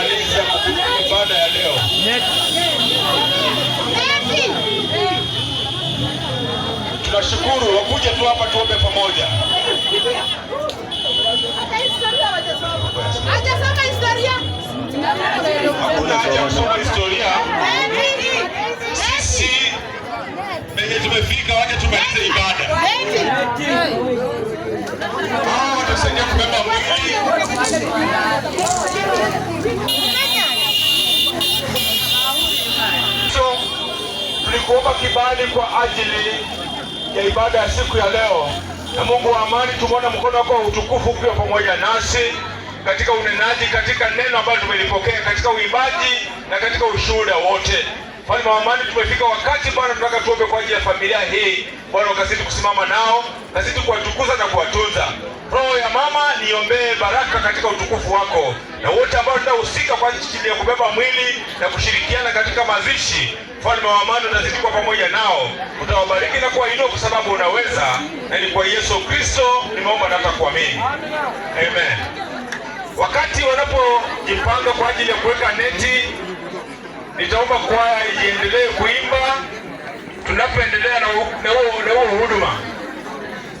kumaliza ibada ya leo. Tunashukuru, wakuja tu hapa tuombe pamoja. Hakuna haja kusoma historia. Sisi penye tumefika, wacha tumalize ibada. Hawa watasaidia kubeba mwili kuomba kibali kwa ajili ya ibada ya siku ya leo, na Mungu wa amani, tumeona mkono wako wa utukufu pia pamoja nasi katika unenaji, katika neno ambalo tumelipokea, katika uimbaji na katika ushuhuda wote. Mfalme wa amani, tumefika wakati Bwana, tunataka tuombe kwa ajili ya familia hii. Bwana, ukazidi kusimama nao, kazidi kuwatukuza na kuwatunza. Roho ya mama, niombee baraka katika utukufu wako, na wote ambao tunahusika kwa ajili ya kubeba mwili na kushirikiana katika mazishi Mfalme wa amani unazidi kuwa pamoja nao, utawabariki na kuwainua kwa sababu unaweza, na ni kwa Yesu Kristo nimeomba na kuamini. Amen. Wakati wanapojipanga kwa ajili ya kuweka neti, nitaomba kwaya ijiendelee kuimba tunapoendelea na huo huduma,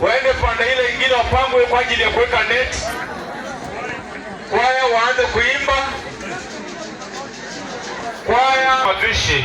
waende panda ile ingine, wapangwe kwa ajili ya kuweka neti. Kwaya waanze kuimba, kwaya watuishi